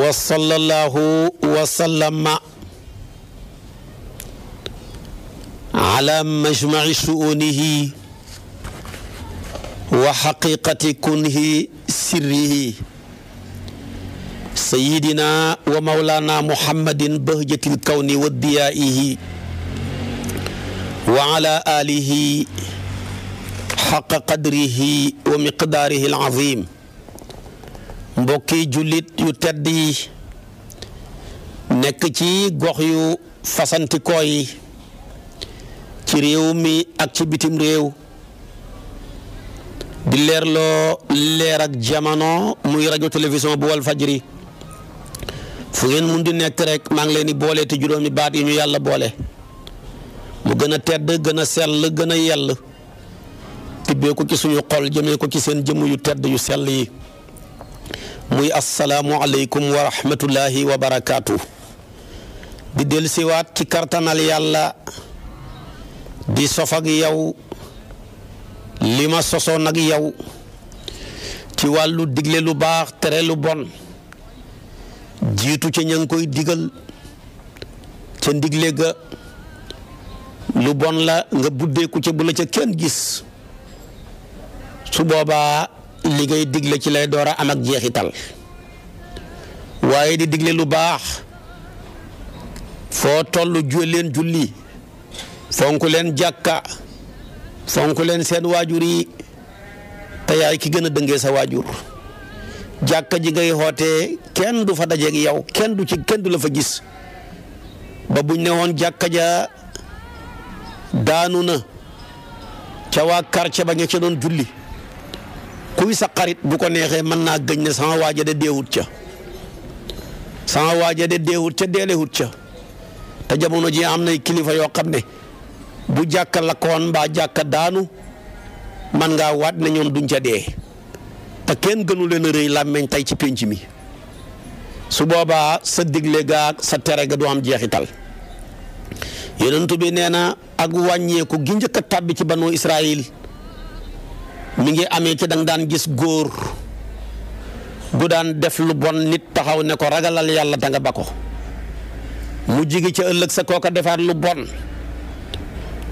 وصلى الله وسلم على مجمع شؤونه وحقيقة كنه سره سيدنا ومولانا محمد بهجة الكون وضيائه وعلى آله حق قدره ومقداره العظيم mbokki jullit yu tedd yi nekk ci gox yu fasantikoo yi ci réew mi ak ci bitim réew di leerloo leer ak jamono muy rajo télévision bu wal fajri fu ngeen mun di nekk rek maa ngi leen di boole te juróomi baat yi ñu yàlla boole mu gën a tedd gën a sell gën a yell tibbee ko ci suñu xol jëmee ko ci seen jëmm yu tedd yu sell yi muy asalaamualeykum wa rahmatullahi wa barakaatu. di dellusiwaat ci kartanal yàlla di sof ak yow li ma sosoon ak yow ci wàllu digle lu baax tere lu bon jiitu ci ña ngi koy digal ca ndigle ga lu bon la nga buddeeku ca bu la ca kenn gis su boobaa. ligay ngay digle ci lay doora am ak jeexital waye di digle lu bax fo tollu ju julli fonku len jakka fonku len sen wajuri, tayay ki gëna dëngé sa wajur jakka ji ngay xootee kenn du fa ak yow kenn du ci kenn du la fa gis ba buñ néwon jakka ja danuna ci wa waa ba nga ci doon julli kuy sa xarit bu ko neexee mën naa gëñ ne sama waaja de deewut ca sama waaja de deewut ca deelewut ca te jamono ji am nay kilifa yoo xam ne bu jàkka lakkoon mbaa jàkka daanu man ngaa waat ne ñoom duñ ca dee te kenn gënu leen a rëy làmmeñ tey ci pénc mi su boobaa sa digle gaag sa tere ga du am jeexital yonent bi nee na ak wàññeeku gi njëkk tàbbi ci banu Israayil mi ngi amé ci dang daan gis goor gu daan def lu bon nit taxaw ne ko ragalal yalla da nga bako mu jigi ci ëlëk sa koka defaat lu bon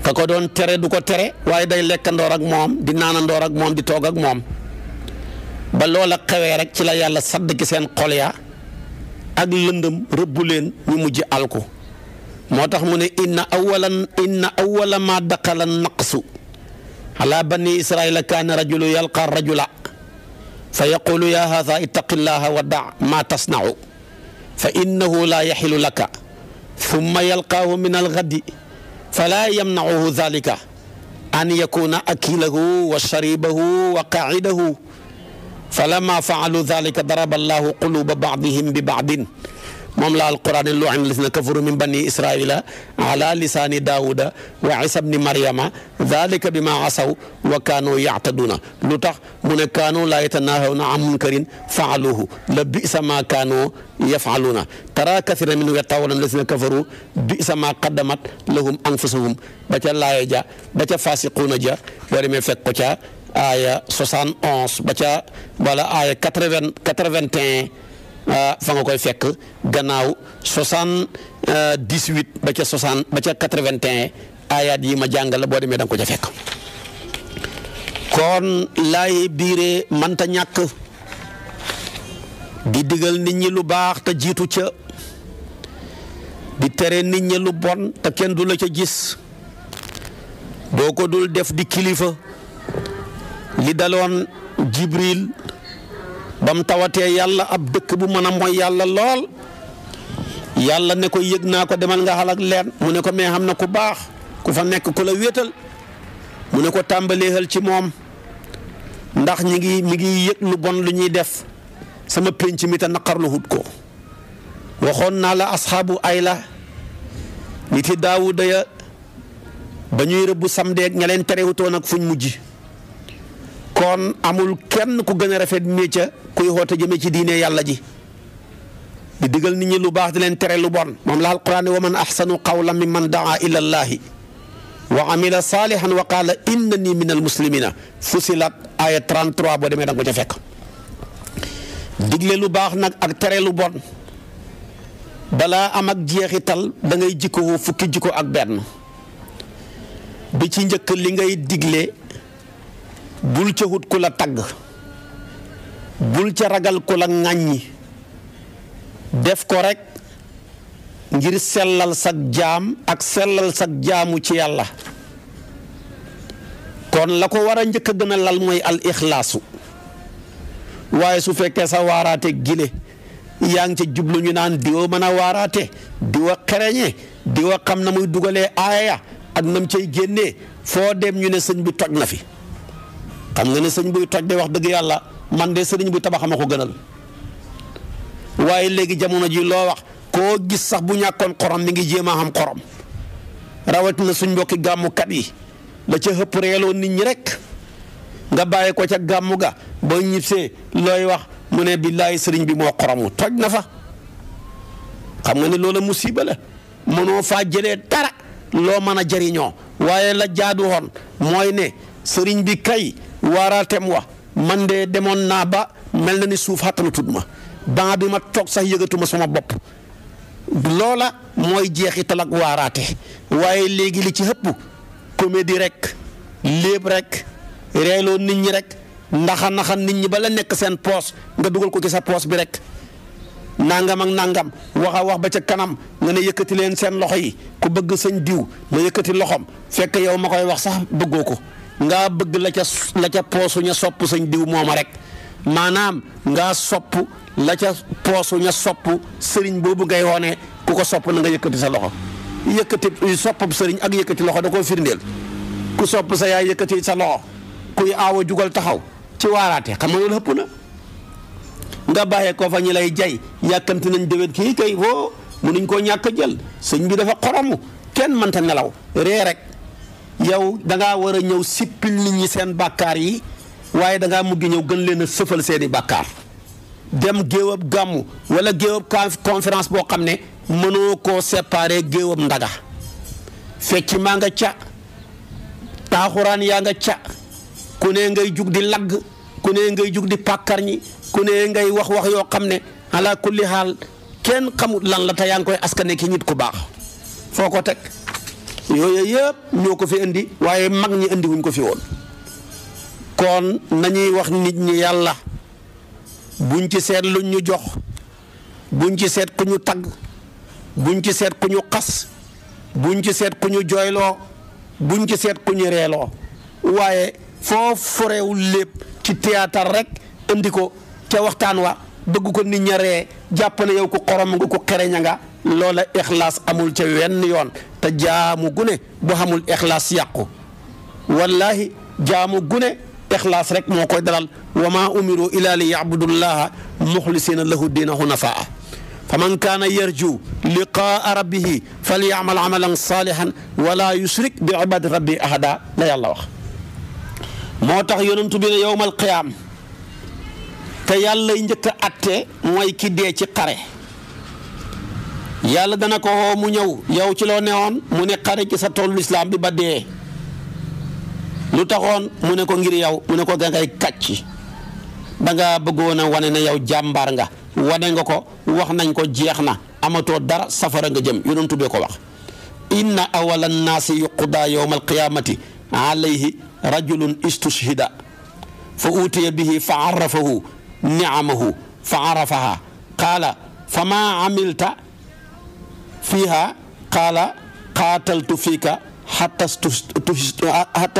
ka ko doon tere du ko tere waye day lekkandoor ak mom di naanandoor ak mom, di toog ak mom ba loola xewé rek ci la yalla sadd ki seen xol ya ak lëndëm rebbu leen ñu mujj alko motax mu ne inna awalan inna awala ma daqala naqsu على بني إسرائيل كان رجل يلقى الرجل فيقول يا هذا اتق الله ودع ما تصنع فإنه لا يحل لك ثم يلقاه من الغد فلا يمنعه ذلك أن يكون أكله وشريبه وقاعده فلما فعلوا ذلك ضرب الله قلوب بعضهم ببعض موم لا القران اللعن الذين كفر من بني اسرائيل على لسان داوود وعيسى بن مريم ذلك بما عصوا وكانوا يعتدون لوتخ من كانوا لا يتناهون عن منكر فعلوه لبئس ما كانوا يفعلون ترى كثير من يتولون الذين كفروا بئس ما قدمت لهم انفسهم بتا لا يجا بتا فاسقون جا يرمي فك آية 71 بتا ولا آية 80 81 Euh, fa nga koy fekk gannaaw soixante-dix-huit ba ca soixante ba ca quatre ayaat yi ma jàngal la boo demee da ko ca fekk kon laay biire manta ñàkk di digal nit ñi lu baax te jiitu ca di tere nit ñi lu bon te kenn du la ca gis boo ko dul def di kilifa li daloon Jibril ba mu tawatee yàlla ab dëkk bu mën a mooy yàlla lool yàlla ne ko yëg naa ko demal nga xalak leen mu ne ko mais xam na ku baax ku fa nekk ku la wéetal mu ne ko tàmbaleexal ci moom ndax ñi ngi mi ngi yëg lu bon lu ñuy def sama pénc mi te naqar lu hut ko waxoon naa la asxaabu ay la nit yi daawuda ya ba ñuy rëbbu samdeeg ña leen terewutoon ak fuñ mujj kon amul kenn ku gën a rafet métier kuy xoote jëme ci diine yàlla ji di digal nit ñi lu baax di leen tere lu bon moom la alquran ne wa man ahsanu qawlan mimman daa ila llaahi wa amila salihan wa qaala innani min al muslimina fusilat aya 33 boo demee danga ko ca fekk digle lu baax nag ak tere lu bon balaa am ak jeexital da ngay jikko fukki jikko ak benn bi ci njëkk li ngay digle bul ca wut ku la tagg bul ca ragal ku la ŋàññi def ko rekk ngir sellal sag jaam ak sellal sag jaamu ci yàlla kon la ko war a njëkk a gën a lal mooy al ixlaasu waaye su fekkee sa waaraate gile yaa ngi ca jublu ñu naan diwa mën a waaraate diwa xereñe diwa xam na muy dugalee aaya ak nam cay génnee foo dem ñu ne sëñ bi toj na fi xam nga ne sëñ buy toj de wax dëgg yàlla man de sëriñ bu tabax ma ko gënal waaye léegi jamono ji loo wax koo gis sax bu ñàkkoon korom mi ngi jéem a xam xorom rawatina suñ mbokki gàmmukat yi da ca xëpp reeloo nit ñi rek nga bàyyi ko ca gàmmu ga boo ñibsee looy wax mu ne billaahi sëriñ bi moo xoromu toj na fa xam nga ne loola musibala la mënoo faa jëlee dara loo mën a jariñoo waaye la jaadu woon mooy ne sëriñ bi kay. waaraateem wa man de demoon naa ba mel na ni suuf xàttanatut ma ban bi ma toog sax yëgatuma sama bopp loola mooy jeexital ak waaraate waaye léegi li ci hëpp comédie rek léeb rek reeloo nit ñi rek ndaxanaxa nit ñi bala nekk seen poos nga dugal ko ci sa poos bi rek nangam ak nangam wax a wax ba ca kanam nga ne yëkkati leen seen loxo yi ku bëgg sëñ diw ma yëkkati loxoom fekk yow ma koy wax sax bëggoo ko ngaa bëgg la ca la ca poosu ña sopp sañ diw mooma rek maanaam ngaa sopp la ca poosu ña sopp sëriñ boobu ngay wone ku ko sopp na nga yëkkati sa loxo yëkkati soppam sëriñ ak yëkkati loxo da koo firndeel ku sopp sa yaay yëkkati sa loxo kuy aawa jugal taxaw ci waaraate xam nga loolu ëpp na nga bàyyee koo fa ñi lay jay yàkkamti nañ déwén kii kay woo mënuñ koo ñàkk jël sëñ bi dafa xoromu kenn mënta nelaw ree rek yow da war a ñëw sippil nit ñi seen bakkaar yi waaye da ngaa mugg ñëw gën leen a sëfal seeni bakkaar bàkkaar dem géewab gàmmu wala géewab conférence boo xam ne mënoo koo séparé géewab ndaga fecc maa nga ca taaxuraan yaa nga ca ku ne ngay jug di lagg ku ne ngay jug di pàkkar ku ne ngay wax wax yoo xam ne ala kulli kenn xamut lan la te yaa ngi koy askane ki nit ku baax foo ko teg yooyu yëpp ñoo ko fi indi waaye mag ñi indi wuñ ko fi woon kon nañuy wax nit ñi yàlla buñ ci seet luñ ñu jox buñ ci seet ku ñu tagg buñ ci seet ku ñu xas buñ ci seet ku ñu joyloo buñ ci seet ku ñu reeloo waaye foo forewul lépp ci théâtre rek indi ko ca waxtaan wa bëgg ko nit ña ree jàpp ne yow ku xorom nga ku xereñ nga lola ikhlas amul ci wenn yoon ta jaamu gune bu xamul ikhlas yaqku wallahi jaamu gune ikhlas rek mo koy dalal wama umiru ila li yabudullaha mukhlisina lahu dinahu hunafaa فمن كان يرجو لقاء ربه فليعمل عملا amalan ولا يشرك بعباد ربه احدا لا ahada la موتاخ يونت بينا يوم القيامه تيالا ne اتي موي كي دي سي a yàlla dana ko mu ñëw yow ci loo newoon mu ne xare ci sa toolu lislaam bi ba dee lu taxoon mu ne ko ngir yow mu ne ko dangay kàcc danga nga bëggoon a wane ne yow jàmbaar nga wane nga ko wax nañ ko jeex na amatoo dara safara nga jëm yonent tubee ko wax inna awala nnaasi yuqdaa yowma alqiyamati alayhi rajulun istushhida fa utiya bihi fa arafahu niamahu fa arafaha qaala fa maa amilta fiiha qaala qaataltu fiika hatta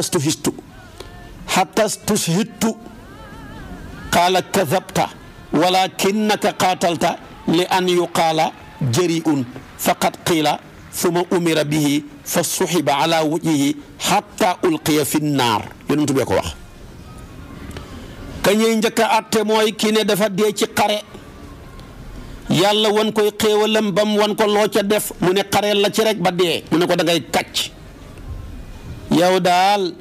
stuhistu hatta stushittu qaala kadabta walakinnaka qaatalta li an yuqaala jari'un faqad qiila suma umira bihi fa suxiba ala wajihi hatta ulqiya fi naar yonent bi ko wax kañuy njëkk a atte mooy kii ne dafa dee ci xare yàlla wan koy xéewalam ba mu wan ko loo ca def mu ne xareel la ci rek ba dee mu ne ko dangay ngay kàcc yow daal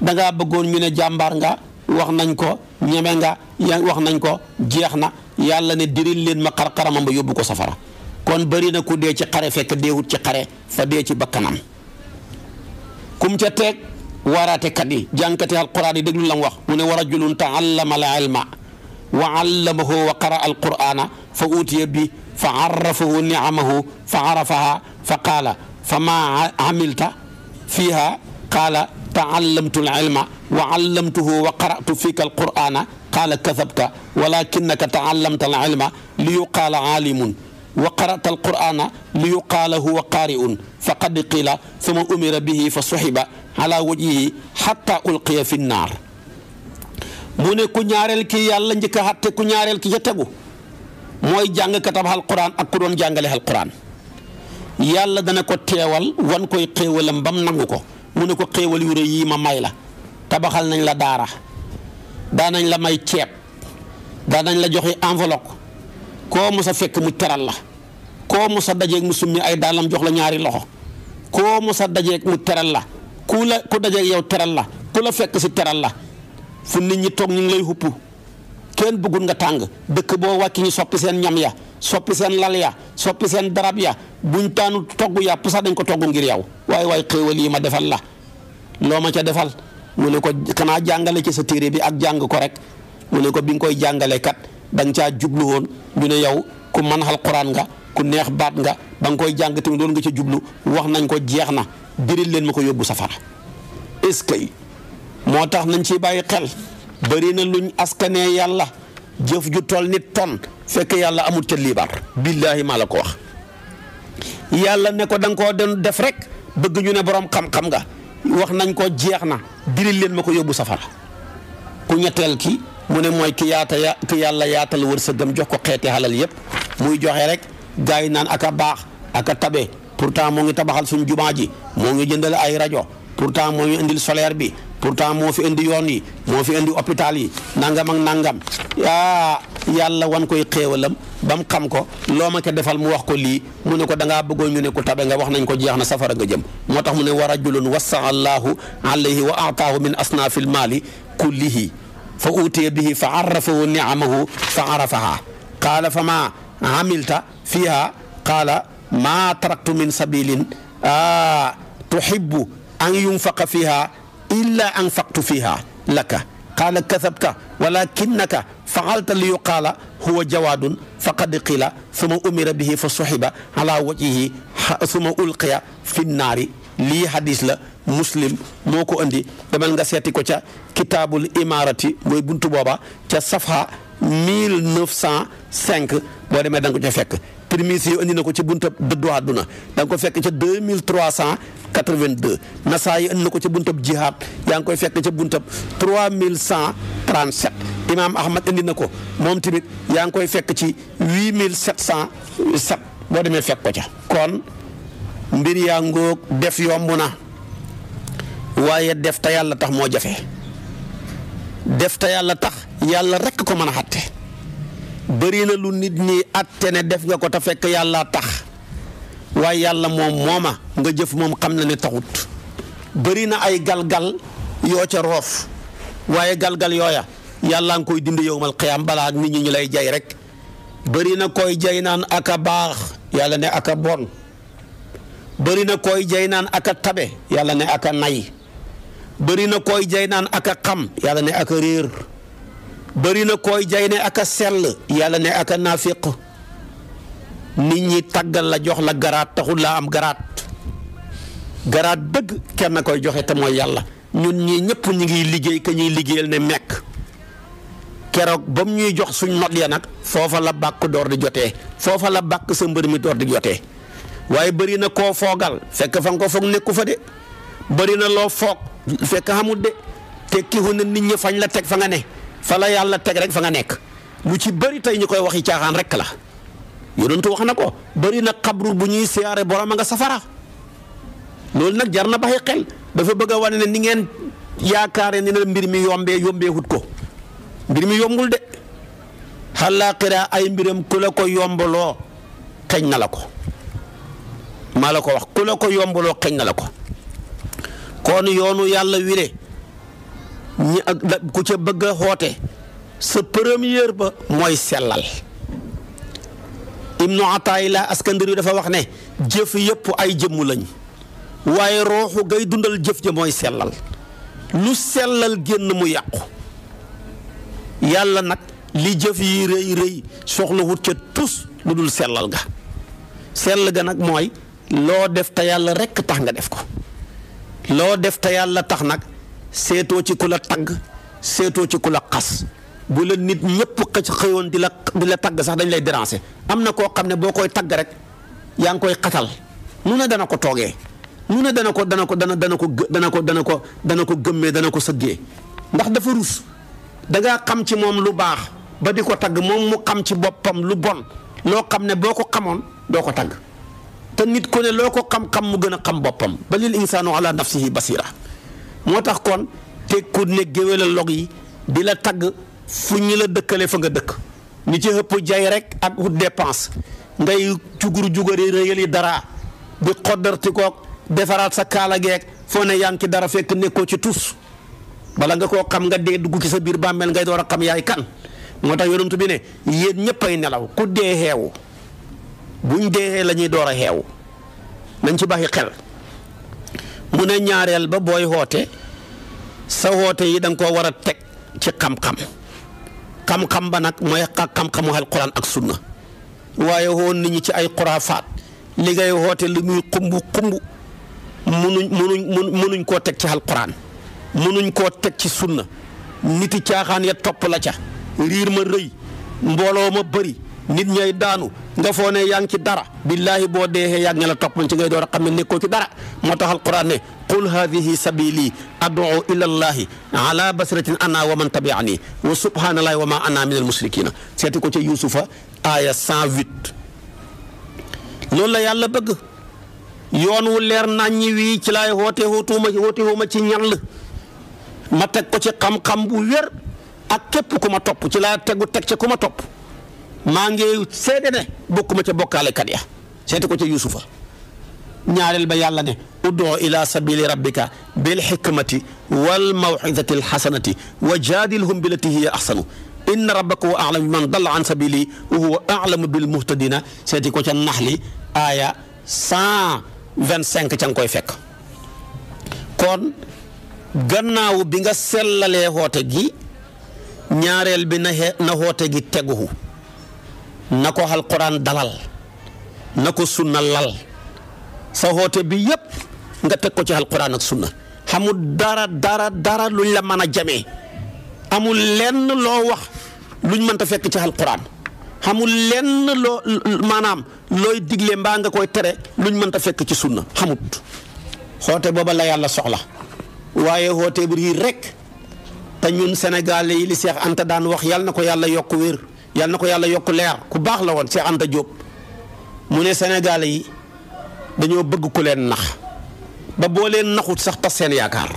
da bëggoon mu ne jàmbaar nga wax nañ ko ñeme nga ya wax nañ ko jeex na yàlla ne diril leen ma xar-xaramam ba yóbbu ko safara kon bëri na ku dee ci xare fekk deewut ci xare fa dee ci bakkanam kum ca teeg waaraatekat yi jànkate alquran yi lu lam wax mu ne war a wa rajulun la al ilma وعلمه وقرأ القرآن فأوتي به فعرفه نعمه فعرفها فقال فما عملت فيها قال تعلمت العلم وعلمته وقرأت فيك القرآن قال كذبت ولكنك تعلمت العلم ليقال عالم وقرأت القرآن ليقال هو قارئ فقد قيل ثم أمر به فسحب على وجهه حتى ألقي في النار mu ne ku ñaareel ki yàlla njëkk a xatte ku ñaareel ki ca tegu mooy jàng katam alquran ak ku doon jàngale alquran yàlla dana ko teewal wan koy xéewalam bam nangu ko mu ne ko xéewal yu rëy yii ma may la tabaxal nañ la daara daanañ la may ceeb daanañ la joxe enveloppe koo mos a fekk mu teral la koo mos a dajeeg mu summi ay daalam jox la ñaari loxo koo mu a dajeeg mu teral la ku la ku dajeeg yow teral la ku la fekk si teral la fu nit ñi tok ñu ngi lay xupp kenn bëggul nga tang dëkk bo wàcc ñi soppi seen ñam ya soppi seen lal ya soppi seen darab ya buñ taanu togu ya pusa dañ ko togu ngir yaw way way xewal yi ma defal la loo ma ca defal mu ne ko kana jangale ci sa téré bi ak jang ko rek mu ne ko bi ngi koy jangale kat dang ca jublu won ñu ne yaw ku man quran nga ku neex baat nga koy doon nga ci jublu wax nañ ko jeexna diril leen mako yobbu safara est ce que moo tax nañ ci bàyyi xel bëri na luñ askanee yàlla jëf ju tool nit ton fekk yàlla amul ca liibaar billaahi maa la ko wax yàlla ne ko danga ko koo def rek bëgg ñu ne borom xam-xam nga wax nañ ko jeex na diril leen ma ko yóbbu safara ku ñetteel ki mu ne mooy ki yaata ya ki yàlla yaatal wërsëgam jox ko xeeti xalal yëpp muy joxe rek gars yi naan ak a baax ak a tabe pourtant moo ngi tabaxal suñ jumaa ji moo ngi jëndal ay rajo pourtant moo ngi indil solaire bi pourtant moo fi indi yoon yi moo fi indi hôpital yi nangam ak nangam aa wan koy xéewalam ba mu xam ko loo ma defal mu wax ko lii mu ne ko danga ngaa bëggoon ñu ne ko tabe nga wax nañ ko jeex na safara nga jëm moo tax mu ne wa rajulun wassa allahu alayhi wa ataahu min asnaafil maali kullihi fa utiya bihi fa arrafahu niamahu fa arafaha qaala fa ma amilta fiha qaala ma taraktu min sabilin a tuhibbu an yunfaqa fiha illaa anfaqtu fiha laka qaala kasabta walakinnaka faalta li yuqaala huwa jawaadun faqad qila suma umira bihi fa suxiba ala wajihi suma ulqiya fi nnaari lii hadis la muslim moo ko andi demal nga seeti ko ca kitaabul imarati mooy buntu booba ca safha 1905 boo demee da nga ko ca fekk Tirmisi andi nako ci buntab de droit duna dang ko fekk ci 2382 yi andi nako ci buntab jihad yaa ngi koy fekk ci buntab 3137 imam Ahmad andi nako mom timit tamit yaa koy fekk ci 8707 bo demé fekk ko ca kon mbir ya ngok def yombuna waye def ta yalla tax mo jafé def ta yalla tax yalla rek ko meuna a xatte bëri na lu nit ñi atte ne def nga ko te fekk yàlla tax waaye yàlla moom mooma nga jëf moom xam na ne taxut bëri na ay galgal yoo ca roof waaye galgal yooya yàlla nga koy dindi yowmal qiyaam balaa nit ñi ñu lay jay rek bëri na koy jay naan aka baax yàlla ne aka bon bëri na koy jay naan aka tabe yàlla ne aka nay bëri na koy jay naan aka xam yàlla ne aka réer bëri na koy jay ne ak a sell yàlla ne ak a naafiq nit ñi tàggal la jox la garaat taxul laa am garaat garaat bëgg kenn koy joxe te mooy yàlla ñun ñii ñëpp ñu ngi liggéey ka ñuy liggéeyal ne mekk keroog ba mu ñuy jox suñ not ya nag foofa la bàkk door di jotee foofa la bàkk sa mbër mi door di jotee waaye bëri na koo foogal fekk fa nga ko foog nekku fa de bëri na loo foog fekk xamut de tekki hu na nit ñi fañ la teg fa nga ne fa yàlla teg rek fa nga nekk lu ci bëri tey ñu koy waxi caaxaan rek la yonentu wax na ko bari na xabru bu ñuy siyaare borom a nga safara loolu nag jar na baxi xel dafa bëgg a wane ni ngeen yaakaare ni ne mbir mi yombee yombee wut ko mbir mi yombul de xalaaxira ay mbiram ku la ko yombaloo xeñ na la ko maa la ko wax ku la ko yombaloo xeñ na la ko kon yoonu yàlla wile ak ku ca bëgg a xoote sa première ba mooy sellal ibnu ataayila askandari dafa wax ne jëf yëpp ay jëmm lañ waaye rooxu gay dundal jëf ja mooy sellal lu sellal génn mu yàqu yàlla nag li jëf yi rëy rëy soxla wut ca tus lu dul sellal ga sell ga nag mooy loo def te yàlla rekk tax nga def ko loo def te yàlla tax nag seetoo ci ku la tagg seetoo ci ku la xas bu la nit ñëpp xëcc xëyoon di la di la tagg sax dañ lay déranger am na koo xam ne boo koy tagg rek yaa ngi koy xatal nu ne dana ko toogee nu ne dana ko dana ko dana dana ko dana ko dana ko dana ko gëmmee dana ko sëggee ndax dafa rus da ngaa xam ci moom lu baax ba di ko tagg moom mu xam ci boppam lu bon loo xam ne boo ko xamoon doo ko tagg te nit ku ne loo ko xam-xam mu gën a xam boppam balil insaanu ala nafsihi basira moo tax kon te ku ne géwél log yi bi la tagg fu ñu la dëkkale fa nga dëkk ñu ci ëpp jay rek ak wut dépense ngay cugur jugari réyal yi dara di xoddarti koog defaraat sa kaala geek foo ne yaa ngi ci dara fekk nekkoo ci tus bala nga koo xam nga dee dugg ci sa biir bàmmeel ngay door a xam yaay kan moo tax yonent bi ne yéen ñëpp ay nelaw ku dee xeewu buñ dee la ñuy door a xeewu nañ ci baxi xel. mu ne ñaareel ba booy woote sa woote yi da nga koo war a teg ci xam-xam xam-xam ba nag mooy xam-xamu alquran ak sunna waaye woon nit ñi ci ay xuraafaat li ngay woote li muy xumb xumb munuñ munuñ koo teg ci alquran munuñ koo teg ci sunna niti caaxaan ya topp la ca riir ma rëy mbooloo ma bëri. nit ñay daanu nga foo ne yaa ngi ci dara billaahi boo deexee yàgg nga la topp ci ngay door a xam ne nekkoo ci dara moo tax alquran ne qul hadihi sabili ad'u ila llahi ala basiratin ana wa man tabi'ani wa subhanallahi wa ma ana min almusrikina seeti ko ca yusufa aaya 108 loolu la yàlla bëgg yoon wu leer naññi wii ci laay woote wutuma woote wuma ci ñal ma teg ko ci xam-xam bu wér ak képp ku ma topp ci laa tegu teg ca ku ma topp maa ngi seede ne ma ca bokkaalekat ya seete ko ca Yuusufa ñaareel ba yàlla ne udoo ila sabili rabbika bil xikmati wal mawcidati alxasanati wa jaadilhum billati hiya axsanu inna rabbaka wa alamu bi man dalla an sabili wa huwa alamu bil muhtadina seeti ko ca naxli aaya cent vingt cinq ca nga koy fekk kon gannaaw bi nga sellalee xoote gi ñaareel bi na xoote teguhu na ko alxuraan dalal na ko sunna lal sa xoote bi yëpp nga teg ko ci alxuraan ak sunna xamul dara dara dara luñ la mën a jamee amul lenn loo wax luñ mënta fekk ci alxuraan xamul lenn maanaam looy digle mbaa nga koy tere luñ mënta fekk ci sunna xamut xoote booba la yàlla soxla waaye xoote bi rii rek te ñun Sénégal yi li Seex Anta daan wax yàlla na ko yàlla yokk wér yal na ko yàlla yokk leer ku baax la woon Cheikh Anta Diop mu ne Sénégalais yi dañoo bëgg ku leen nax ba boo leen naxut sax tas seen yaakaar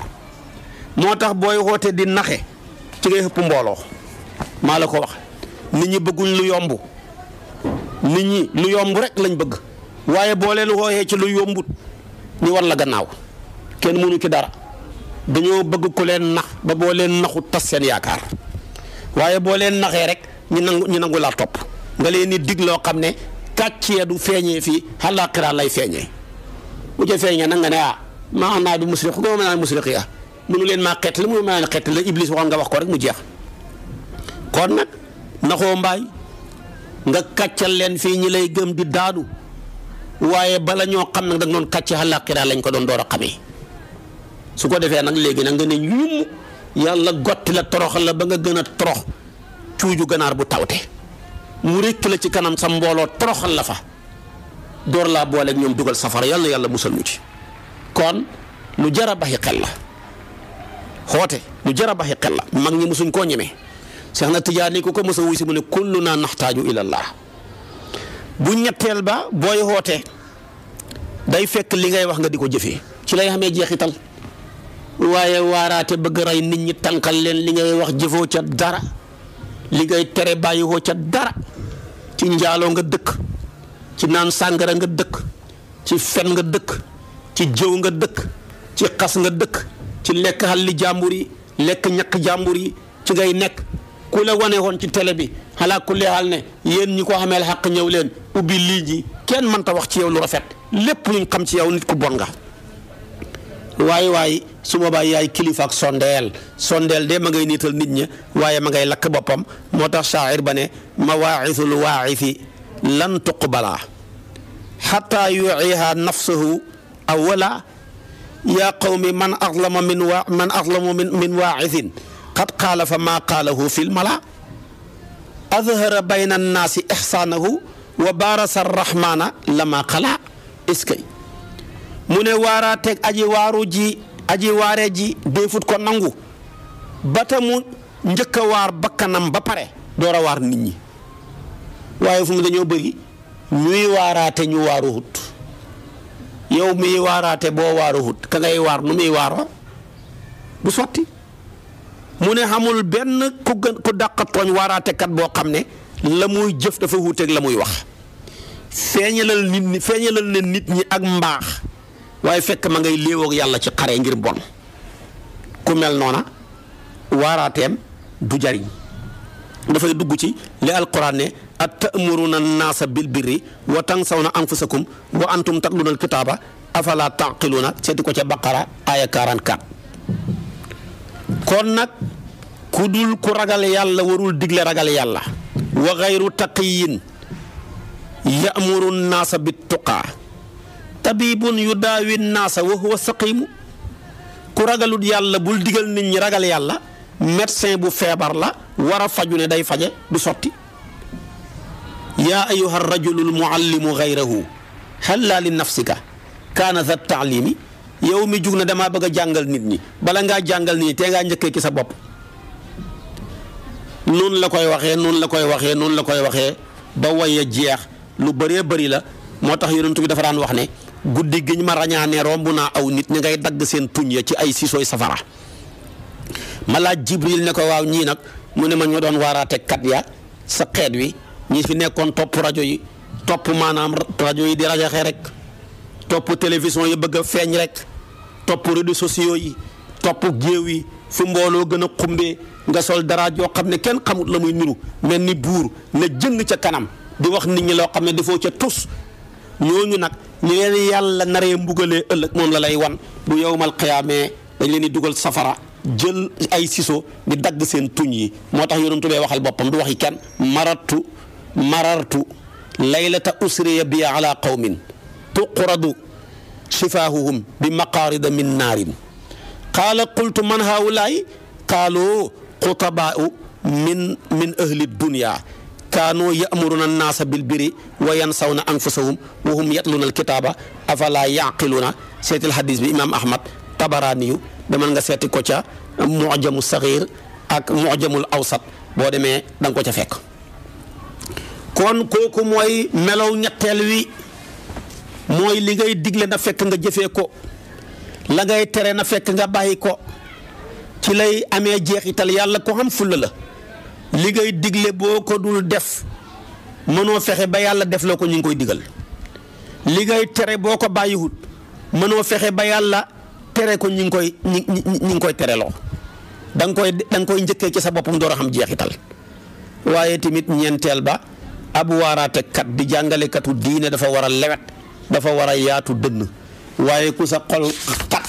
moo tax booy woote di naxe ci mbooloo maa la ko wax nit ñi bëgguñ lu yomb nit ñi yomb rek lañ bëgg waaye boo leen wooyee ci lu yombut ñu war la gannaaw kenn mënu ci dara dañoo bëgg ku leen nax ba boo leen naxut tas seen yaakaar waaye boo leen naxee rek ñu nangu ñu nangu laa topp nga leen ni dig loo xam ne kàccee du feeñee fii àllaaxira lay feeñee bu ca feeñee nag nga ne ah maa am naa bi musriq ko ma naa musriq ya munu leen maa xettali munu maa xettali la Iblis waxoon nga wax ko rek mu jeex kon nag naxoo mbaay nga kàccal leen fii ñi lay gëm di daanu waaye bala ñoo xam nag da nga doon kàcce àllaaxira lañ ko doon door a xamee su ko defee nag léegi nag nga ne yum yàlla gotti la toroxal la ba nga gën a torox. cuuju ganaar bu tawte mu rëcc la ci kanam sam mbooloo toroxal la fa door laa booleeg ñoom dugal safara yal na yàlla musal ñu ci kon lu jar a baxi xel la xoote lu jar a baxi xel la mag ñi musuñ koo ñemee seex na tijaani ko ko mos a wuy si mu ne kullu naa naxtaaju ilallah bu ñetteel ba booy xoote day fekk li ngay wax nga di ko jëfee ci lay xamee jeexital waaye waaraate bëgg rey nit ñi tànkal leen li ngay wax jëfoo ca dara li ngay tere woo ca dara ci njaalo nga dëkk ci naan sàngara nga dëkk ci fen nga dëkk ci jëw nga dëkk ci xas nga dëkk ci lekk xalli jàmbur yi lekk ñàkk jàmbur yi ci ngay nekk ku la wane woon ci télé bi xalaa ku leexal ne yéen ñi ko xameel xaq ñëw leen ubbi lii ji kenn mënta wax ci yow lu rafet lépp luñ xam ci yow nit ku bon nga waay waay su boobaa yaay kilifa ak sondel sondel de ma ngay niital nit ña waye ma ngay lakk boppam moo tax shaacir ba lan tuqbala hatta yu'iha nafsuhu awala ya qaumi man azlama min wa man azlamu min min waacifin qad qala fa ma qalahu fil mala azhara bayna an-nasi ihsanahu wa ar-rahmana lama qala iskay mu ne waaraateeg aji waaru ji aji waare ji ko nangu ba ta mu njëkk waar bakkanam ba pare door a waar nit ñi waaye fu mu dañoo bëri ñuy waaraate ñu waaruhut yow miy waaraate boo waaruhut ka ngay waar nu muy waaroo bu sotti mu ne xamul benn ku gën ku dàq tooñ waaraatekat boo xam ne la muy jëf dafa wuuteeg la muy wax feeñalal nit ñi nit ñi ak mbaax waaye fekk ma ngay léewoog yàlla ci xare ngir bon ku mel noona waaraateem du jariñ dafay dugg ci li alquran ne at ta'muruna naasa bil birri wa tansawna anfusakum wa antum tatluna alkitaaba afala taqiluna seeti ko ca baqara aya 44 kon nag ku dul ku ragal yàlla warul digle ragal yàlla wa gayru taqiyin ya'muru naasa bit tuqaa tabibun yu daawi naasa wa huwa saqiimu ku ragalut yàlla bul digal nit ñi ragal yàlla médecin bu feebar la war a faju ne day faje du sotti yaa ayuha rajulu lmuallimu gayrahu hallaa li nafsika kaana za taalimi yow mi jug na damaa bëgg a jàngal nit ñi bala ngaa jàngal nit ñi te ngaa njëkkee ci sa bopp noonu la koy waxee noonu la koy waxee noonu la koy waxee ba waye jeex lu bëree bari la moo tax yonent bi dafa daan wax ne guddi giñ ma rañaane romb naa aw nit ñu ngay dagg seen tuñ ya ci ay sisooy safara ma laaj Jibril ne ko waaw ñii nag mu ne ma ñu doon waaraate kat ya sa xeet wi ñi fi nekkoon topp rajo yi topp maanaam rajo yi di rajo rajaxe rek topp télévision yi bëgg a feeñ rek topp réseaux sociaux yi topp géew yi fu mbooloo gën a xumbe nga sol dara joo xam ne kenn xamut la muy niru mel ni buur ne jëng ca kanam di wax nit ñi loo xam ne defoo ca tus ñooñu nag. li leen yàlla naree mbugalee ëllëg moom lalay lay wan bu yowmal qiyaamee dañ leen di dugal safara jël ay siso di dagg seen tuñ yi moo tax yonent bi waxal boppam du waxi kenn maratu marartu laylata usriya bi ala qawmin tuqradu shifaahuhum bi maqaarida min naarin qaala qultu man haawulaay qaalu xutabaau min min ahli dunya kaanu ya'muruna an-naasa bil birri wa yansawna anfusahum wa hum yatluuna al-kitaaba afalaa ya'qiluuna seetil hadis bi imaam Ahmad Tabaraaniyu demal nga seeti ko ca mu'jamu saxiir ak mu'jamul awsat boo demee da nga ko ca fekk. kon kooku mooy melow ñetteel wi mooy li ngay digle na fekk nga jëfee ko la ngay tere na fekk nga bàyyi ko ci lay amee jeexital yàlla ko xam fulla la. li ngay digle boo ko dul def mënoo fexe ba yàlla def loo ko ñu ngi koy digal li ngay tere boo ko bàyyiwut mënoo fexe ba yàlla tere ko ñu ngi koy ñi ngi koy tere loo nga koy da nga koy njëkkee ci sa boppam door xam jeexital waaye tamit ñeenteel ba ab waaraatekat di jàngalekatu diine dafa war lewet dafa war a yaatu dënn waaye ku sa xol tat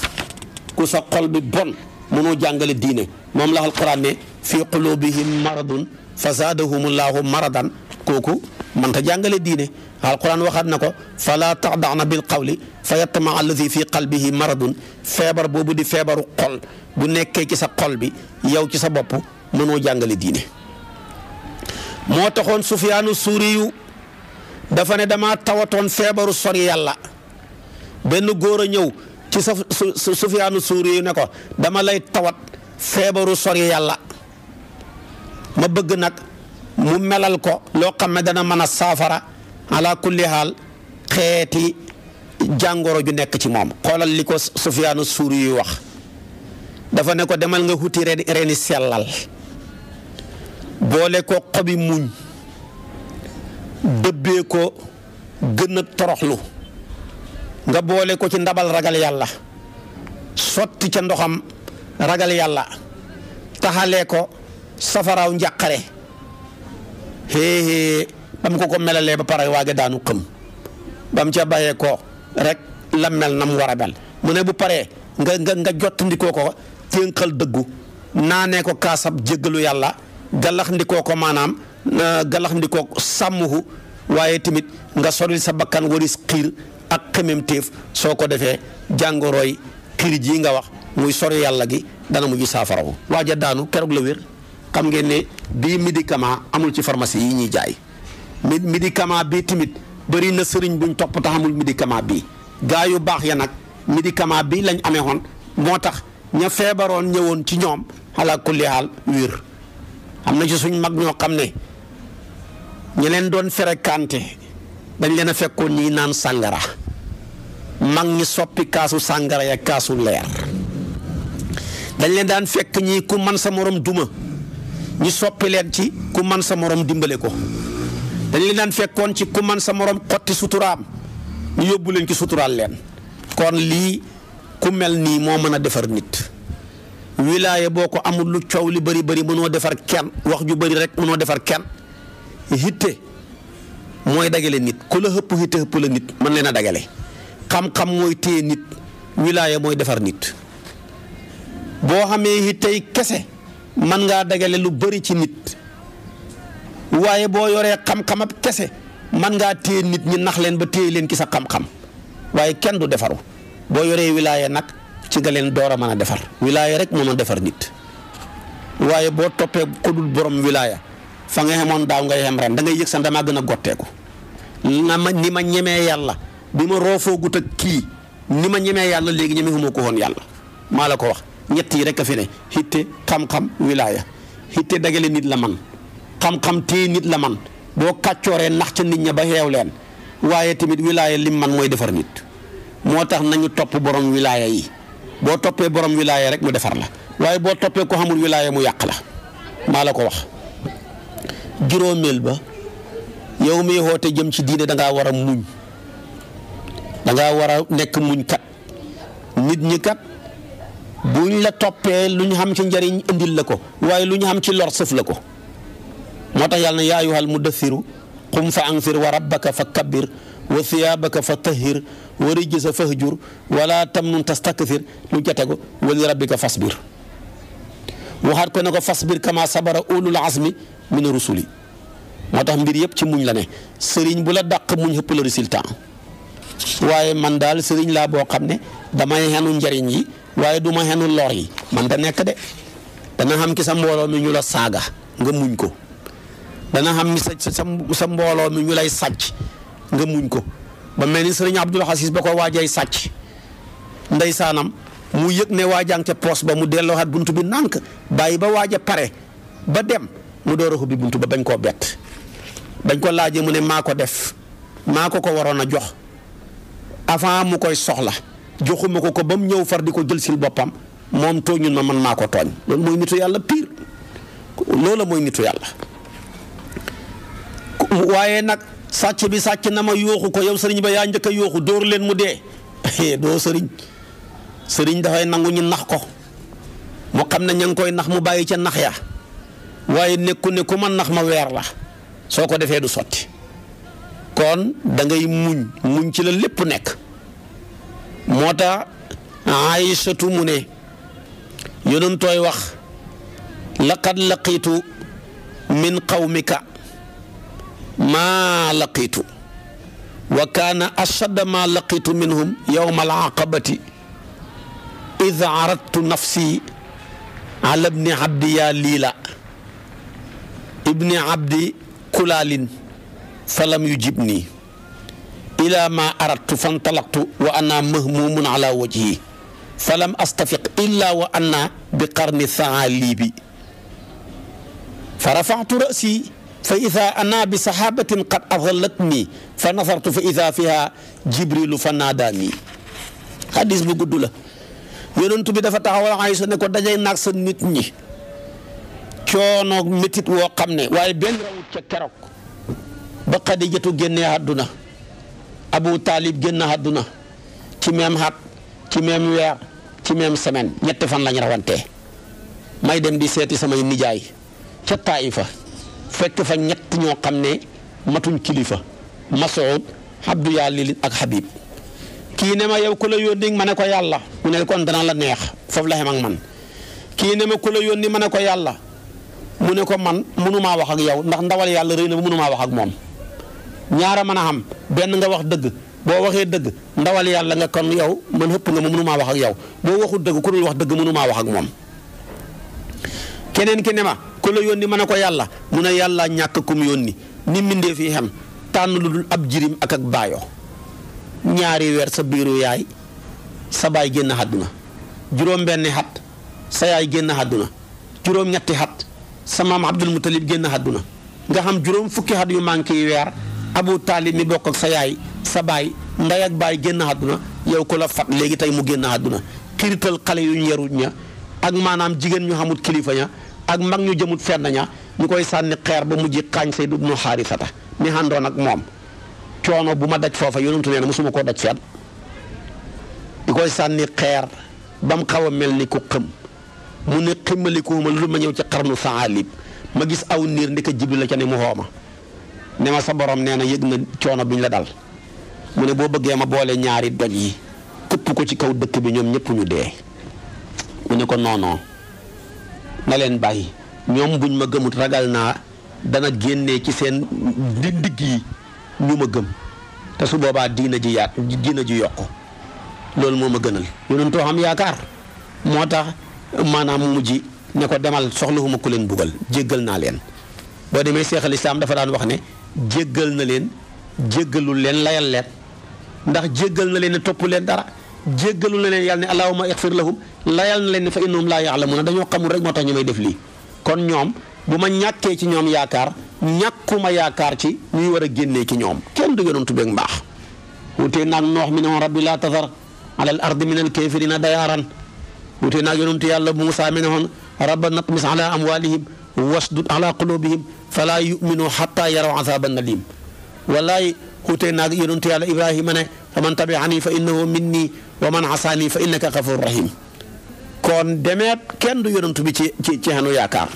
ku sa xol bi bon mënoo jàngale diine. moom la alquran ne fii qulubihim maradun fa zaadahumullahu maradan kooku mën ta jàngale diine alquran waxaat na ko fala taxda'na bil qawli fa yattama alladi fi qalbihi maradun feebar boobu di feebaru xol bu nekkee ci sa xol bi yow ci sa bopp mënoo jàngale diine moo taxoon sufiyaanu suuriyu dafa ne dama tawatoon feebaru sori yàlla benn góor a ñëw ci sa sufiyaanu suuriyu ne ko dama lay tawat feebaru sori yàlla ma bëgg nag mu melal ko loo xam ne dana mën a saafara ala kulli haal xeeti jàngoro ju nekk ci moom xoolal li ko Sufyaanu Suuri yuy wax dafa ne ko demal nga xuti ren reni sellal boole ko xobi muñ dëbbee ko gën toroxlu nga boole ko ci ndabal ragal yàlla sotti ca ndoxam ragal yàlla taxalee ko safaraaw njàqare xéexée bam ko ko melalee ba pare waage daanu xëm bam ca bayee ko rek la mel nam war a mu ne bu paree nga nga nga jottandikoo ko ténqal dëggu naanee ko kaasab jéggalu yàlla galax ndikoo ko maanaam galax ndikoo sàmmuhu waaye tamit nga soril sa bakkan waris xiir ak xemem téef soo ko defee jàngorooy xiir ji nga wax muy sori yalla gi dana mu saafarawu waa waja daanu keroog la wér xam ngeen ne bi médicament amul ci pharmacie yi ñi jaay médicament bi timit bari na sëriñ buñ top ya tax amul médicament bi gaay yu bax ya nak médicament bi lañ amé hon motax ña febaron ñewon ci ñom ala kulli hal wér am ci suñ mag ñoo xam ne doon féré kanté ferekante dañ leena fekkoon naan sangara mag ñi soppi kaasu sangara ya kaasu leer dañ leen daan fekk ñi ku man sa morom duma ñi soppi leen ci ku man sa morom dimbale ko dañ leen daan fekkoon ci ku man sa morom xotti suturaam ñu yóbbu leen ci suturaal leen kon lii ku mel nii moo mën a defar nit wilaaya boo ko amul lu coow li bari bëri mënoo defar kenn wax ju bëri rek mënoo defar kenn hitte mooy dagale nit ku la xëpp hitte xëpp la nit mën leen a dagale xam-xam mooy téye nit wilaaya mooy defar nit boo xamee it tey kese mën ngaa dagale lu bari ci nit waaye boo yoree xam-xam ab kese mën ngaa téye nit ñi nax leen ba téye leen ci sa xam-xam waaye kenn du defaru boo yoree wilaaya nag ci nga leen door a mën a defar wilaaya rek mën a defar nit waaye boo toppee ku dul borom wilaaya fa nga xamoon daaw ngay xem ren da ngay yëg sa damaa gën a gotteeku na ma ni ma ñemee yàlla bi ma roofoogut ak kii ni ma ñemee yàlla léegi ñeme xuma ko woon yàlla maa la ko wax ñett yi rek a fi ne hitte xam-xam wilaaya hitte dagale nit la man xam-xam téye nit la man boo kàccooree nax ca nit ña ba xeew leen waaye tamit wilaaya lim man mooy defar nit moo tax nañu topp borom wilaaya yi boo toppee borom wilaaya rek mu defar la waaye boo toppee ko xamul wilaaya mu yàq la maa la ko wax juróomeel ba yow mi xoote jëm ci diine da ngaa war a muñ danga ngaa war a nekk muñ kat nit ñi kat ñu la toppee lu ñu xam ci njariñ indil la ko waaye lu ñu xam ci lor sëf la ko moo tax yàlla na yaa ayyuhal muddathiru qum fa anzir wa rabbaka fa kabbir wa thiyaabaka fa tahhir wa rijsa fahjur wala tamnun tastakthir lu jate ko wa li fas biir waxaat ko ne ko fasbir kama sabara ulul azmi mina rusuli moo tax mbir yëpp ci muñ la ne sëriñ bu la dàq muñ ëpp la résultat waaye man daal sëriñ laa boo xam ne damay xenu njëriñ yi waye duma henu lor yi man da nek de dana xam ki sa mbolo mi ñu la saga nga muñ ko dana xam mi sa sa mbolo mi ñu lay sacc nga muñ ko ba melni serigne abdou Abdul bako waje sacc waajay mu yek ne wajang ci poste ba mu hat buntu bi nank bàyyi ba waje pare ba dem mu ko bi buntu ba bañ ko bet bañ ko laaje mu ne mako def mako ko warona jox avant mu koy soxla joxuma ko ko ba mu ñëw far di ko jël sil boppam moom tooñul ma man maa ko tooñ loolu mooy nitu yàlla pire loola mooy nitu yàlla waaye nag sàcc bi sàcc na ma yooxu ko yow sëriñ ba yaa njëkk a yooxu dóor leen mu dee doo sëriñ sëriñ dafay nangu ñu nax ko mu xam ne ña ngi koy nax mu bàyyi ca nax ya waaye nekku ne ku ma nax ma weer la soo ko defee du sotti kon dangay muñ muñ ci la lépp nekk موتا عائشه مني يونتوي واخ لقد لقيت من قومك ما لقيت وكان اشد ما لقيت منهم يوم العقبه اذ عرضت نفسي على ابن عبد يا ليلى ابن عبد كلال فلم يجبني ila ma aradtu fantalaqtu wa ana mahmumun ala wajhi falam astafiq illa wa anna bi qarni thaalibi fa rafa'tu ra'si fa ida ana bi sahabatin qad adallatni fa nazartu fa ida fiha jibrilu fa naadaani xadis bu gudd la yonent bi dafa taxawal Aysa ne ko dajay naag sa nit ñi coono métit woo xam ne waaye benn rawut ca keroog ba Xadijatu génnee àdduna Abu Taalib génn àdduna ci même xat ci même weer ci même semaine ñett fan lañ rawantee may dem di seeti samay nijaay ca Taïfa fekk fa ñett ñoo xam ne matuñ kilifa Masoud Abdou Yalil ak Habib kii ne ma yow ku la yónni ma ne ko yàlla mu ne kon dana la neex foofu la xem ak man kii ne ma ku la ko yàlla mu ne ko man mënumaa wax ak yow ndax ndawal yàlla rëy na ba maa wax ak moom ñaara mën a xam benn nga wax dëgg boo waxee dëgg ndawal yàlla nga kon yow man xëpp nga ma mënumaa wax ak yow boo waxul dëgg ku dul wax dëgg mënumaa wax ak moom keneen ki ne ma ku la yónni ma ne ko yàlla mu ne yàlla ñàkk kum yónni ni mbindee fii xam tànn lu dul ab jirim ak ak baayo ñaari weer sa biiru yaay sa baay génn àdduna juróom benni xat sa yaay génn àdduna juróom ñetti xat sa maam Abdul Mutalib génn àdduna nga xam juróom fukki xat yu manqué yi weer abu taalib mi bokk ak sa yaay sa baay nday ak baay génn àdduna yow ko la fat léegi tey mu génn àdduna xirital xale yu ñu yarut ña ak maanaam jigéen ñu xamut kilifa ña ak mag ñu jëmut fenn ña ñu koy sànni xeer ba mujj xaañ say dub nu xaarisata mi àndoon ak moom coono bu ma daj foofa yonentu nee na mosuma koo daj fenn ñu koy sànni xeer ba mu xaw a mel ni ku xëm mu ne ximmalikuuma lu ma ñëw ci xarnu saalib ma gis aw niir ndika jibril la ca ne mu xooma ne ma sa borom nee na yëg na coono bi ñu la dal mu ne boo bëggee ma boole ñaari doj yi këpp ko ci kaw dëkk bi ñoom ñëpp ñu dee mu ne ko non na leen bàyyi ñoom buñ ma gëmut ragal naa dana génnee ci seen digg yi ñu ma gëm te su boobaa diina ji yaat diina ji yokk loolu moom ma gënal yonentoo xam yaakaar moo tax maanaam mu mujj ne ko demal soxlawuma ku leen bugal jéggal naa leen boo demee seexal islaam dafa daan wax ne jéggal na leen jéggalul leen layal leen ndax jéggal na leen ne topp leen dara jéggalul na leen yàlla ne allahumma ixfir lahum layal na leen ne fa innahum laa yaalamuuna dañoo xamul rek moo ñu may def lii kon ñoom bu ma ñàkkee ci ñoom yaakaar ñàkkuma yaakaar ci ñuy war a génnee ci ñoom kenn du yonantu mbaax wutee naag noox mi ne woon rabbi laa tasar alal ardi minal kaafiriina dayaaran wutee naag yonantu yàlla bu Musaa mi ne woon rabba natmis ala amwaalihim wasdud ala qulubihim falaa yuminu xatta yaraw azaban alim walaay xutee naag yonentu yàlla ibrahima ne fa man tabiani fa innahu minni wa man asaani fa innaka gafur rahim kon demeet kenn du yonentu bi ci ci ci yaakaar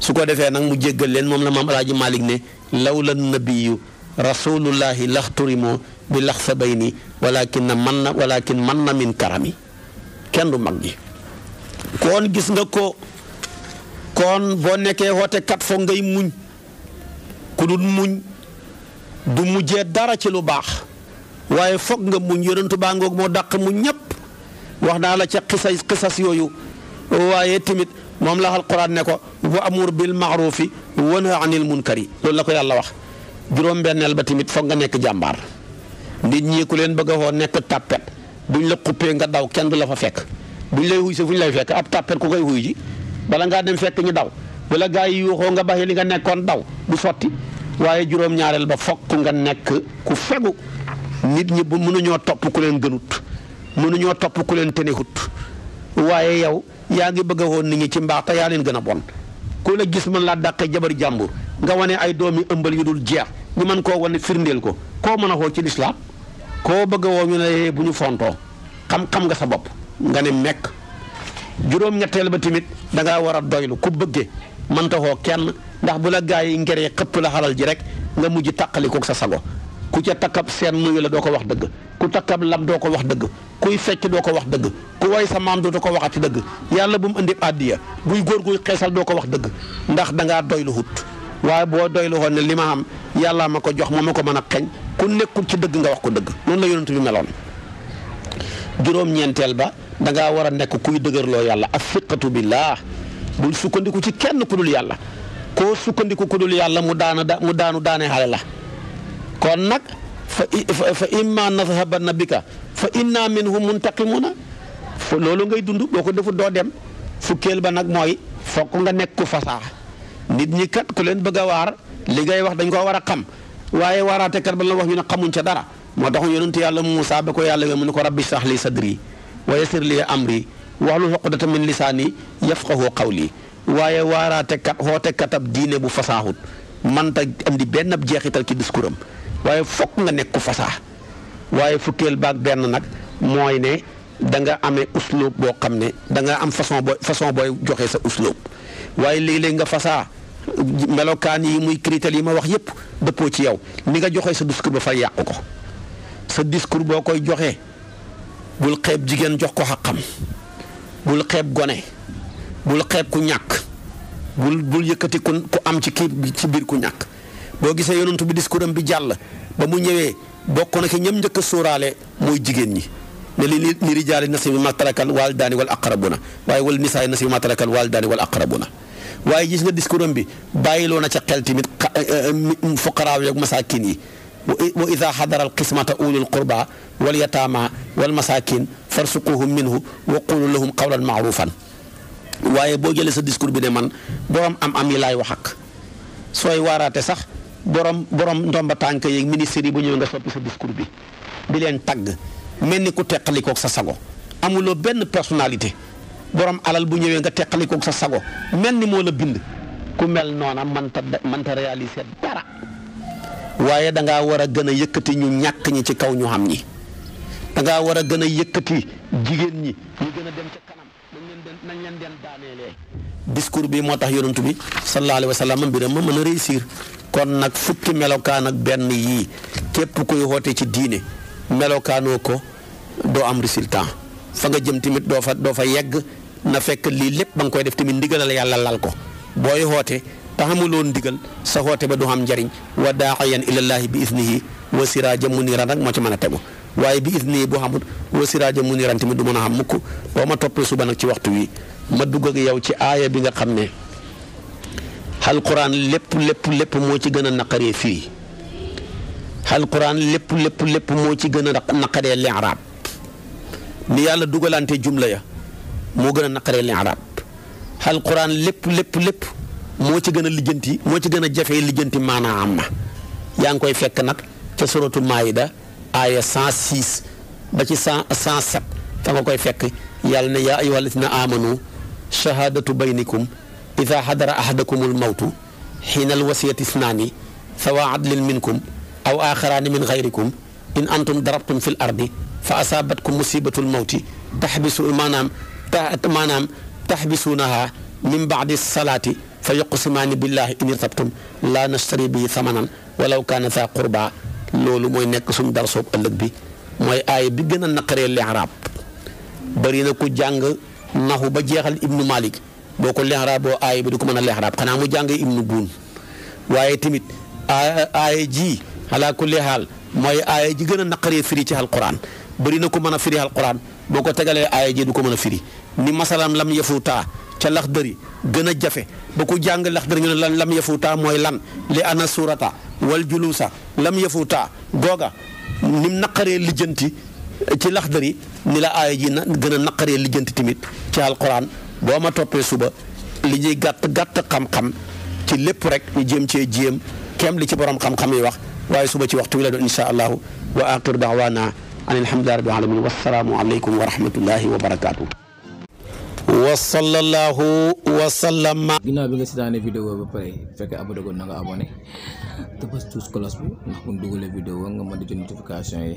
su ko defee nag mu jéggal leen moom la maam alaaji Malick ne lawla nabiyu rasulullahi laxturimoo bi laxsa bayni walakin na man na walakin man na min karami kenn du mag gis nga ko kon bo nekké hoté kat fo ngay muñ ku dul muñ du mujjé dara ci lu bax waye foog nga muñ yonentu ba ngok mo dakk mu ñep wax naa la ci qisas qisas yoyu waye timit mom la alquran ne ko wa amur bil wa nahy anil munkari lol la ko yalla wax juroom bennel ba timit foog nga nekk jambar nit ñi ku leen bëgg ho woo nekk tàppet buñ la xuppee nga daw kenn du la fa fekk buñ lay huuy buñ lay fekk ab tapet ku koy huuy ji bala ngaa dem fekk ñu daw bala gaa yi yuuxoo nga baxi li nga nekkoon daw bu sotti waaye juróom-ñaareel ba fokk nga nekk ku fegu nit ñi bu mënuñoo topp ku leen gënut mënuñoo topp ku leen tenexut waaye yow yaa ngi bëgg a woon nit ñi ci mbaax te yaa leen gën a bon ku la gis man laa dàqee jabar jàmbur nga wane ay doomi ëmbal yu dul jeex ñu mën koo wane firndeel ko koo mën a woo ci lislaam koo bëgg a woo ñu ne bu ñu fontoo xam-xam nga sa bopp nga ne mekk juróom-ñetteel ba tamit da war a doylu ku bëggee mën taxoo kenn ndax bu la gaa yi ngeree xëpp la xalal ji rek nga mujj tàqali kook sa sago ku ca takkab seen nuyu la doo ko wax dëgg ku takkab lam doo ko wax dëgg kuy fecc doo ko wax dëgg ku woy sa maam doo ko waxati dëgg yàlla bu mu indi addiya buy góor guy xeesal doo ko wax dëgg ndax da ngaa doylu hut waaye boo doylu woon ne li ma am yàllaa ma ko jox moo ma ko mën a xeñ ku nekkul ci dëgg nga wax ko dëgg noonu la yonent bi meloon juróom-ñeenteel ba da ngaa war a nekk kuy dëgër loo yàlla afiqatu billah bul sukkandiku ci kenn ku dul yàlla koo sukkandiku ku dul yàlla mu daana da mu daanu daanee xale la kon nag fa fa imma nadhabanna bika fa inna minhum muntaqimuna loolu ngay dund boo ko defu doo dem fukkeel ba nag mooy fokk nga nekk fa fasaa nit ñi kat ku leen bëgg a waar li ngay wax dañ ko war a xam waaye waaraatekat ba la wax ñu ne xamuñ ca dara moo tax yonent yàlla Muusaa ba ko yàlla we mu ne ko rabbi shrah li sadri wa yassir li amri wahlul uqdata min lisani, yafqahu qawli waaye waaraate kat xoote katab diine bu fasaaxut manta andi benn ab jeexital ci discours am waaye fokk nga nekk ku fasaax waaye fukkeel baag benn nag mooy ne da nga amee uslub bo xam ne da nga am façon booy façon booy joxe sa uslub. waaye léeg-léeg nga fasaa melokaan yi muy critères yi ma wax yépp dëppoo ci yow ni nga sa discours ba fa yàq sa discours boo koy bul xeeb jigéen jox ko xaqam bul xeeb gone bul xeeb ku ñàkk bul bul yëkkati ku am ci kii ci biir ku ñàkk boo gisee yonent bi discours am bi jàll ba mu ñëwee bokk na ki ñam njëkk a sóoraale mooy jigéen ñi ne li li rijaali nasiibu maa tarakal waalidaani wal aqrabuuna waaye wal nisaay nasiibu maa tarakal waalidaani wal aqrabuuna waaye gis nga discours am bi bàyyiloo na ca xel tamit eh, eh, fuqaraaw yeeg masaakin yi wa ida xadara alqismata ulil qurba wal yataama wal masaakin farsuquhum minhu wa qulu lahum qawlan maarufan waaye boo jëlee sa discours bi ne man borom am am yi laay wax ak sooy waraate sax borom borom ndomba tànk yeeg ministère yi bu ñëwee nga soppi sa discours bi di leen tagg mel ni ku teqalikoog sa sago amuloo benn personnalité borom alal bu ñëwee nga teqalikoog sa sago mel ni moo la bind ku mel noona mënta mënta réaliser dara. waaye da ngaa war a gën a yëkkati ñu ñàkk ñi ci kaw ñu xam ñi da ngaa war a gën a yëkkati jigéen ñi ñu gën a dem ca kanam nañ leen den nañ leen den daaneelee discours bi moo tax yonantu bi sallallahu alayhi wa sallam mbiram ma mën a réussir kon nag fukki melokaan ak benn yii képp kuy xoote ci diine melokaanoo ko doo am résultat fa nga jëm tamit doo fa doo fa yegg na fekk lii lépp ba nga koy def tamit ndigalal yàlla lal ko booy xoote te xamuloon ndigal sa xoote ba du xam njariñ wa daaxiyan ilallaahi bi isnihi wa siraaja muniran rek moo ci mën a tegu waaye bi isnihi bu xamul wa siraaja muniran tamit du mën a xam mukk boo ma toppee suba nag ci waxtu wi ma dugg ak yow ci aaya bi nga xam ne alquran lépp lépp lépp moo ci gën a naqaree fii alquran lépp lépp lépp moo ci gën a naqaree li arab yàlla dugalante jumla ya moo gën a naqaree li arab alquran lépp lépp lépp moo ci gën a lijjanti moo ci gën a jafee lijjanti maanaa am ma yaa ngi koy fekk nag ca suratul maayida aaya 106 ba ci 107 fa nga koy fekk yàlla ne yaa ayyuha alladina amanu shahadatu baynikum ida xadara ahadakum almawtu xiina alwasiyati isnaani sawa adlin minkum aw axaraani min gayrikum in antum darabtum fi l ardi fa asaabatkum musibatu lmawti taxbisu maanaam maanaam taxbisuunaha min baadi salaati فيقسمان بالله ان ارتبتم لا نشتري به ثمنا ولو كان ذا قربى لولو موي نيك سون دارسو الله بي موي اي بي غن نقري الاعراب بري نكو جانغ نحو با جيهال ابن مالك بوكو الاعراب بو اي بي دكو من الاعراب خنا مو جانغ ابن بون وايي تيميت اي جي على كل حال موي اي جي غن نقري فري تي القران بري نكو من فري القران بوكو تغالي اي جي دكو من فري ni masalam lam yafuta ca Laxdari gën a jafe ba ku jàng Laxdari nga ne lan lam yafuutaa mooy lan li ana suurata wal juluusa lam yafuutaa googa nim naqaree lijjanti ci Laxdari ni la aaya ji na gën a naqaree lijjanti tamit ci alquran boo ma toppee suba li ñuy gàtt gàtt xam-xam ci lépp rek ñu jéem cee jéem kem li ci borom xam-xam yi wax waaye suba ci waxtu wi la doon insha allahu wa axiru daawaana an alhamdulillahi rabbil alamin wassalaamu aleykum wa rahmatullahi wa barakaatu. wa sallallahu wa sallama ginnaaw bi nga seetaanee vidéo ba pare fekk abonné ko na nga abonné te bës tuus cloche bi ndax bu ñu dugalee vidéo nga mën di jot notification yi